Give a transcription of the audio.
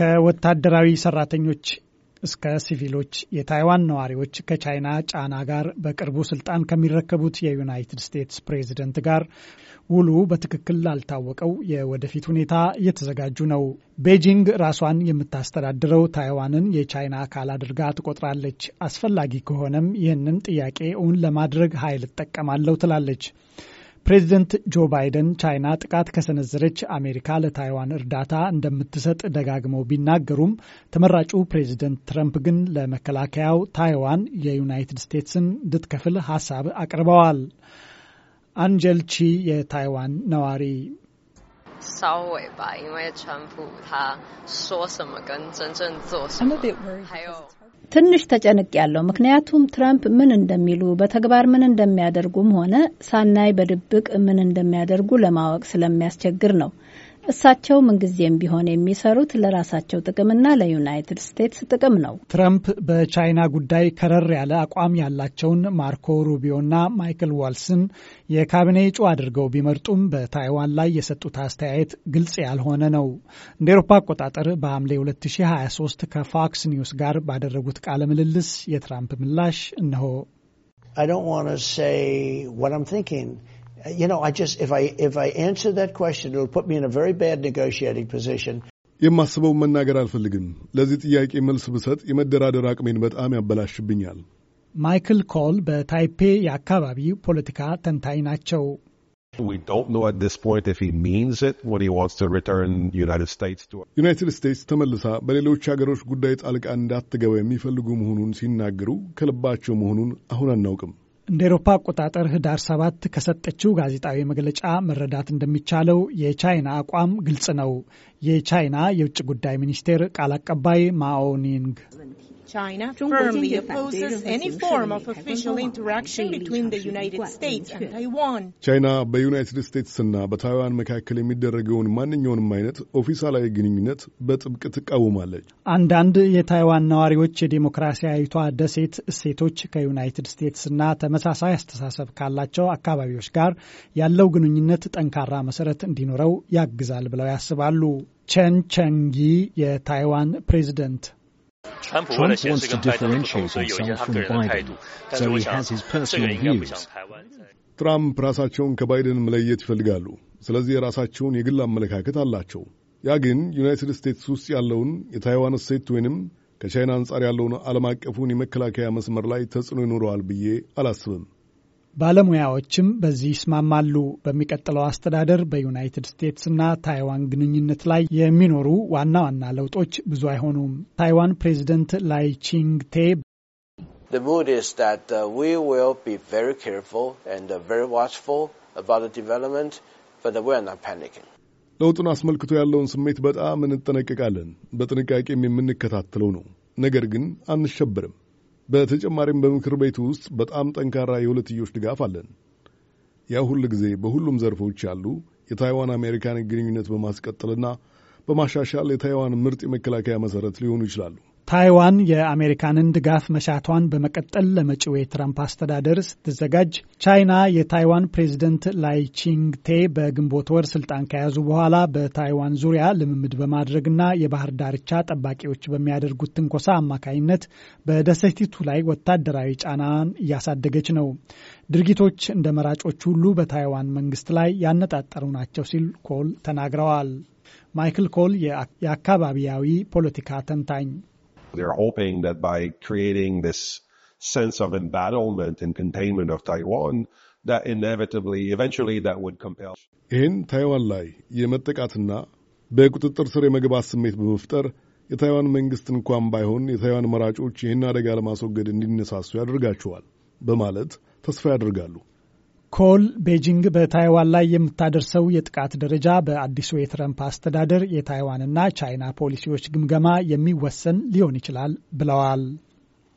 ከወታደራዊ ሰራተኞች እስከ ሲቪሎች የታይዋን ነዋሪዎች ከቻይና ጫና ጋር በቅርቡ ስልጣን ከሚረከቡት የዩናይትድ ስቴትስ ፕሬዝደንት ጋር ውሉ በትክክል ላልታወቀው የወደፊት ሁኔታ እየተዘጋጁ ነው። ቤጂንግ ራሷን የምታስተዳድረው ታይዋንን የቻይና አካል አድርጋ ትቆጥራለች። አስፈላጊ ከሆነም ይህንን ጥያቄ እውን ለማድረግ ኃይል እጠቀማለሁ ትላለች። ፕሬዚደንት ጆ ባይደን ቻይና ጥቃት ከሰነዘረች አሜሪካ ለታይዋን እርዳታ እንደምትሰጥ ደጋግመው ቢናገሩም ተመራጩ ፕሬዚደንት ትረምፕ ግን ለመከላከያው ታይዋን የዩናይትድ ስቴትስን እንድትከፍል ሀሳብ አቅርበዋል። አንጀል ቺ የታይዋን ነዋሪ I'm a bit worried. ትንሽ ተጨንቅ ያለው ምክንያቱም ትራምፕ ምን እንደሚሉ በተግባር ምን እንደሚያደርጉም ሆነ ሳናይ በድብቅ ምን እንደሚያደርጉ ለማወቅ ስለሚያስቸግር ነው። እሳቸው ምንጊዜም ቢሆን የሚሰሩት ለራሳቸው ጥቅምና ለዩናይትድ ስቴትስ ጥቅም ነው። ትራምፕ በቻይና ጉዳይ ከረር ያለ አቋም ያላቸውን ማርኮ ሩቢዮና ማይክል ዋልስን የካቢኔ እጩ አድርገው ቢመርጡም በታይዋን ላይ የሰጡት አስተያየት ግልጽ ያልሆነ ነው። እንደ ኤሮፓ አቆጣጠር በሐምሌ 2023 ከፎክስ ኒውስ ጋር ባደረጉት ቃለ ምልልስ የትራምፕ ምላሽ እነሆ። you know, I just if I if I answer that question, it'll put me in a very bad negotiating position. የማስበው መናገር አልፈልግም። ለዚህ ጥያቄ መልስ ብሰጥ የመደራደር አቅሜን በጣም ያበላሽብኛል። ማይክል ኮል በታይፔ የአካባቢው ፖለቲካ ተንታኝ ናቸው። ዩናይትድ ስቴትስ ተመልሳ በሌሎች ሀገሮች ጉዳይ ጣልቃ እንዳትገባ የሚፈልጉ መሆኑን ሲናገሩ ከልባቸው መሆኑን አሁን አናውቅም። እንደ ኤሮፓ አቆጣጠር ህዳር ሰባት ከሰጠችው ጋዜጣዊ መግለጫ መረዳት እንደሚቻለው የቻይና አቋም ግልጽ ነው። የቻይና የውጭ ጉዳይ ሚኒስቴር ቃል አቀባይ ማኦኒንግ China firmly opposes any form of official interaction between the United States and Taiwan. ቻይና በዩናይትድ እና በታይዋን መካከል የሚደረገውን ማንኛውንም አይነት ኦፊሳላዊ ግንኙነት በጥብቅ ትቃወማለች። አንዳንድ የታይዋን ነዋሪዎች የዴሞክራሲያዊቷ ደሴት እሴቶች ከዩናይትድ ስቴትስና ተመሳሳይ አስተሳሰብ ካላቸው አካባቢዎች ጋር ያለው ግንኙነት ጠንካራ መሰረት እንዲኖረው ያግዛል ብለው ያስባሉ። ቸን ቸንጊ የታይዋን ፕሬዚደንት Trump wants to differentiate himself from Biden, so he has his personal views. ትራምፕ ራሳቸውን ከባይደን መለየት ይፈልጋሉ። ስለዚህ የራሳቸውን የግል አመለካከት አላቸው። ያ ግን ዩናይትድ ስቴትስ ውስጥ ያለውን የታይዋን እሴት ወይንም ከቻይና አንጻር ያለውን ዓለም አቀፉን የመከላከያ መስመር ላይ ተጽዕኖ ይኖረዋል ብዬ አላስብም። ባለሙያዎችም በዚህ ይስማማሉ። በሚቀጥለው አስተዳደር በዩናይትድ ስቴትስና ታይዋን ግንኙነት ላይ የሚኖሩ ዋና ዋና ለውጦች ብዙ አይሆኑም። ታይዋን ፕሬዚደንት ላይቺንግቴ uh, uh, uh, ለውጡን አስመልክቶ ያለውን ስሜት በጣም እንጠነቀቃለን። በጥንቃቄም የምንከታተለው ነው። ነገር ግን አንሸበርም። በተጨማሪም በምክር ቤቱ ውስጥ በጣም ጠንካራ የሁለትዮሽ ድጋፍ አለን። ያ ሁል ጊዜ በሁሉም ዘርፎች ያሉ የታይዋን አሜሪካን ግንኙነት በማስቀጠልና በማሻሻል የታይዋን ምርጥ የመከላከያ መሰረት ሊሆኑ ይችላሉ። ታይዋን የአሜሪካንን ድጋፍ መሻቷን በመቀጠል ለመጪው የትራምፕ አስተዳደር ስትዘጋጅ ቻይና የታይዋን ፕሬዚደንት ላይቺንግቴ በግንቦት ወር ስልጣን ከያዙ በኋላ በታይዋን ዙሪያ ልምምድ በማድረግና የባህር ዳርቻ ጠባቂዎች በሚያደርጉት ትንኮሳ አማካይነት በደሴቲቱ ላይ ወታደራዊ ጫናን እያሳደገች ነው። ድርጊቶች እንደ መራጮች ሁሉ በታይዋን መንግስት ላይ ያነጣጠሩ ናቸው ሲል ኮል ተናግረዋል። ማይክል ኮል የአካባቢያዊ ፖለቲካ ተንታኝ They're hoping that by creating this sense of embattlement and containment of Taiwan, that inevitably, eventually that would compel. ይህን ታይዋን ላይ በቁጥጥር ስር የመግባት ስሜት በመፍጠር የታይዋን መንግስት እንኳን ባይሆን የታይዋን መራጮች ይህን አደጋ ለማስወገድ እንዲነሳሱ ያደርጋቸዋል በማለት ተስፋ ያደርጋሉ። ኮል ቤጂንግ በታይዋን ላይ የምታደርሰው የጥቃት ደረጃ በአዲሱ የትረምፕ አስተዳደር የታይዋንና ቻይና ፖሊሲዎች ግምገማ የሚወሰን ሊሆን ይችላል ብለዋል።